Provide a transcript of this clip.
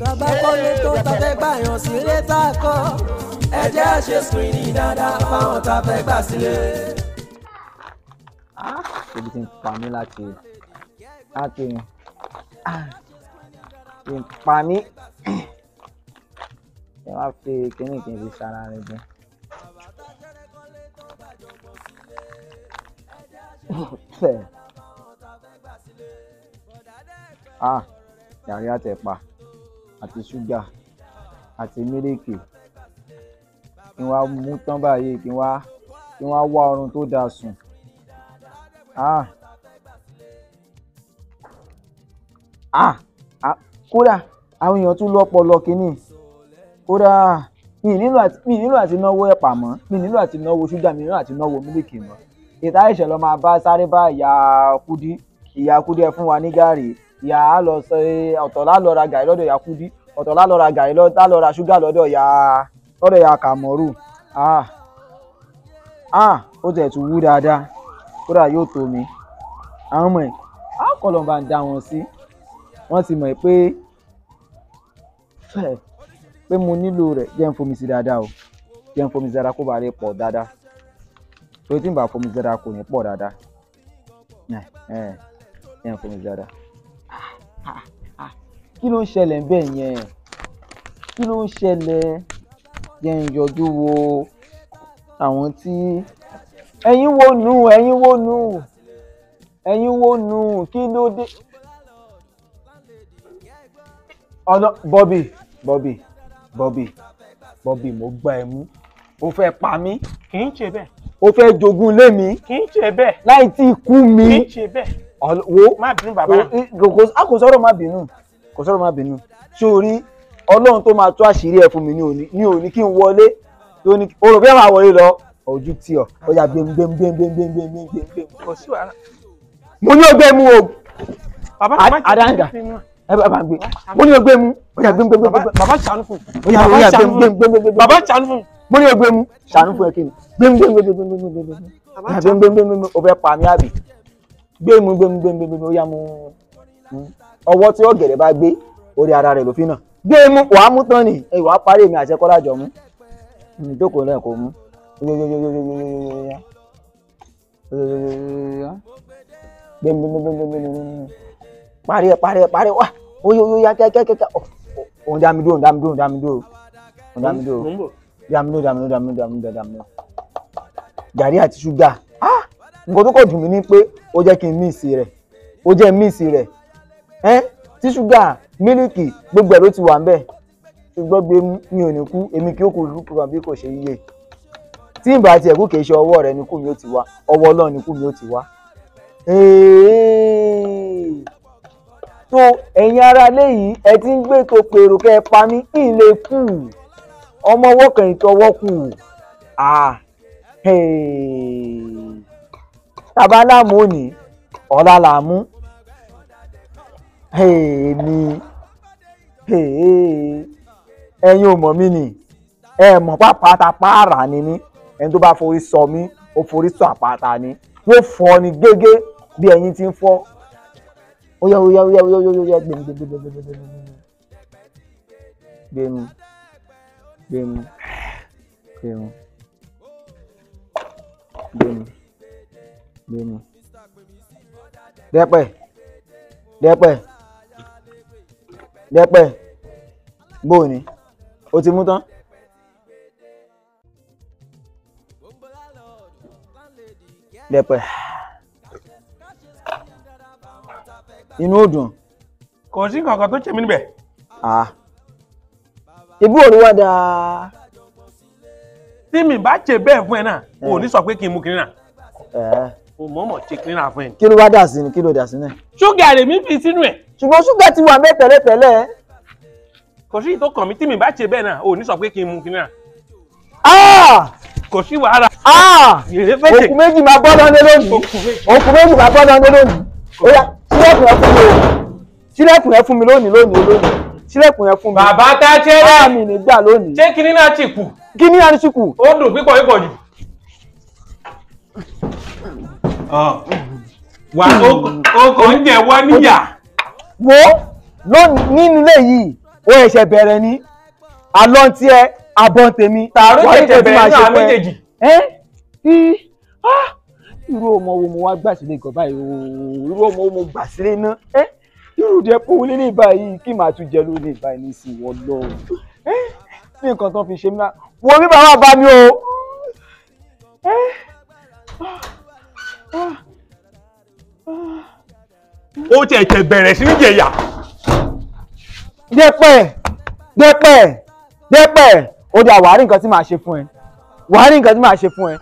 tọ́ba kọ́lé tó tọ́fẹ́ gbà yàn sílé tá a kọ́ ẹ jẹ́ à ṣe dáadáa fáwọn tá a fẹ́ gbà sílé. Ah. ibi tí n pa mí láti láti ah, n pa mí ẹ wá fi kíní kí n fi sára rẹ jẹ. ah yàrá tẹ pa àti ṣúgà àti mílìkì kí n wá mú tán báyìí kí n wá kí n wá wá oorun tó dáa sùn ah ah ah kódà àwọn èèyàn tún lọ́pọlọ kínní kódà mi nílò àti mi nílò àti náwó ẹ̀pà mọ́ mi nílò àti náwó ṣúgà mi nílò àti náwó mílìkì mọ́ ìta ìṣẹ̀lẹ̀ máa bá sáré bá ìyá kudi ìyá kudi ẹ fún wa ní gàrí ìyá á lọ sọ ọ̀tọ̀ lá lọ ra gàrí lọ́dọ̀ ìyá kúdí ọ̀tọ̀ lá lọ ra gàrí lá lọ ra ṣúgà lọ́dọ̀ ìyá lọ́dọ̀ ìyá kàmọ́rù ah ah ó tẹ̀ tún wú dáadáa kódà yóò tó mi àwọn ọmọ ẹ̀ á kọ́ lọ́n bá ń dá wọn sí wọ́n ti mọ̀ pé pé mo nílò rẹ̀ jẹ́ ń fomi sí dáadáa o jẹ́ ń fomi sí dáadáa kó ba lè pọ̀ dáadáa torí tí n bá fomi sí dáadáa kò ní pọ̀ dáadáa jẹ́ ń fomi sí dáadáa kí ló ń ṣẹlẹ̀ bẹ́ẹ̀ yẹn kí ló ń ṣẹlẹ̀ yẹn yọjú wo àwọn tí ẹ̀yin wo nù ẹ̀yin wo nù ẹ̀yin wo nù kí ló dé ọ̀nà Bobby Bobby Bobby Bobby mo gbá ẹ mú o fẹ́ pa mí. kì í ṣe bẹ́ẹ̀. o fẹ́ jogún lé mi. kì í ṣe bẹ́ẹ̀. láì tí ì kú mi. kì í ṣe bẹ́ẹ̀ wo má bínú bàbá a kò sọ̀rọ̀ má bínú kò sọ̀rọ̀ má bínú sórí ọlọ́run tó máa tó àṣírí ẹ̀ fún mi ní òní ní òní kí n wọlé tó ní o rò bí ẹ máa wọlé lọ ojú tí ọ ó yà gbẹm gbẹm gbẹm gbẹm gbẹm gbẹm gbẹm gbẹm gbẹm. kò sí wàhálà. mo ní ọgbẹ́ mu o. bàbá má jẹ́ kí n fi mu bàbá gbé mo ní ogbe mu ó yá gbé mu gbé mu bàbá ṣàánú fún ó yá ó yá gbé mu gbé mu gbé mu gbé mu bàbá ṣàánú fún mo ní ogbe mu ṣàánú fún ẹ kí ni gbé mu gbé mu gbé mu gbé mu gbé mu gbé mu gbé mu gbé mu ó fẹ́ pa mí àbí gbẹmú gbẹmú gbẹmú gbẹmú ó yá mú hmm. ọwọ́ tí ọ̀gẹ̀dẹ̀ bá gbé orí ara rẹ̀ ló fi nà gbẹmú wàá mú tán ni wàá parí èmi àti ẹ̀kọ́ lájọ mú ìjókòó hmm, náà kò mú gbẹmú gbẹmú gbẹmú parí ẹ parí ẹ parí wá oyo oyo ya kẹkẹkẹkẹ òun dàmí dúró dàmí dúró dàmí dúró dàmí dúró dàmí dúró dàmí dúró dàmí gàrí àti ṣúgà nǹkan tó kọ̀ dùn mí ni pé ó jẹ́ kí n míìsì rẹ̀ ó jẹ́ míìsì rẹ̀ ẹ́ tí ṣúgà mílìkì gbogbo ẹ̀ ló ti wà ń bẹ̀ ṣùgbọ́n gbé mi ò ní kú èmi kì í kú lùkù kan bí kò ṣe yíyẹ tí ìbá tiẹ̀ kú kìí ṣe ọwọ́ rẹ̀ ni kú mi ó ti wá ọwọ́ Ọlọ́run ni kú mi ó ti wá. tó ẹ̀yin ara léyìí ẹ ti ń gbé tó pèrò kẹ́ ẹ pa mí kí n lè kú ọmọ ọwọ́ kẹ̀yìn tọwọ́ kù. Ah, hey bàbá láàmú òní ọ̀la làmú èmi ẹ̀yin ò mọ̀ mí nì ẹ mọ̀ pàpàtà pààrà ni mí ẹni tó bá forí sọ mí ó forí sọ àpáta ni wọ́n fọ́ ni gégé bí ẹ̀yin ti ń fọ́ ó yẹ ó yẹ ó yẹ ó yẹ gbé mi. dẹ́pẹ̀ dẹ́pẹ̀ dẹ́pẹ̀ bó o ní o ti mú tán. dẹ́pẹ̀ inú ò dùn. kò sí kankan tó ṣe mí níbẹ̀. ibú òrùwà dáa tí mi bá ṣe bẹ́ẹ̀ fún ẹ náà o ní eh. sọ pé kí n mú kiri náà. Eh o mọ̀mọ̀ ṣe cleaner fún ẹ. kí ló wá dà sí ni kí ló dà sí náà. ṣúgà lèmi fi sínú ẹ. ṣùgbọ́n ṣúgà ti wà mẹ́ pẹ̀lẹ́pẹ̀lẹ́. kò sí ìtò kàn mí tí mi bá ṣe bẹ́ẹ̀ náà ò ní sọ pé kí n mu kí náà. Ah! kò sí wàhálà. òkú ah! méjì máa bọ́ lọ́dẹ lónìí òkú méjì máa bọ́ lọ́dẹ lónìí óyá sílẹ̀kùn ẹ fún mi o sílẹ̀kùn ẹ fún mi lónìí lónìí lónìí sílẹ̀kùn ẹ fún mi. bàbá tá ṣẹlẹ̀ mi nígbà lónìí. ṣé kinní náà ti kù. kinní náà ti kù. ó dùn pípọ̀ pípọ̀ jù wà ó kò ń jẹ wọ́n níyà. wo nínú ilé yìí ó ẹ̀ṣẹ̀ bẹ̀rẹ̀ ni àlọ́ ti ẹ abọ́ tèmi. tààrọ̀ ìṣẹ̀ṣẹ̀ bẹ̀rẹ̀ náà méjèèjì. ẹ ti irú ọmọ wo mo wá gbà sílé gan báyìí ooo irú ọmọ wo mo gbà sílé náà ẹ irú ìdẹ́pọ̀ wọlé ní báyìí kí màá tún jẹ lórí báyìí ní ìsìn wọ́n lọ́wọ́ ní nǹkan tó fi ṣe mí náà wo bí bàbá bá mi o. ó ti ẹ̀jẹ̀ bẹ̀rẹ̀ sí ní jẹ̀yà. dẹ́pẹ̀ dẹ́pẹ̀ dẹ́pẹ̀ ó dà wàá rí nǹkan tí màá ṣe fún ẹ wàá nǹkan tí màá ṣe fún ẹ.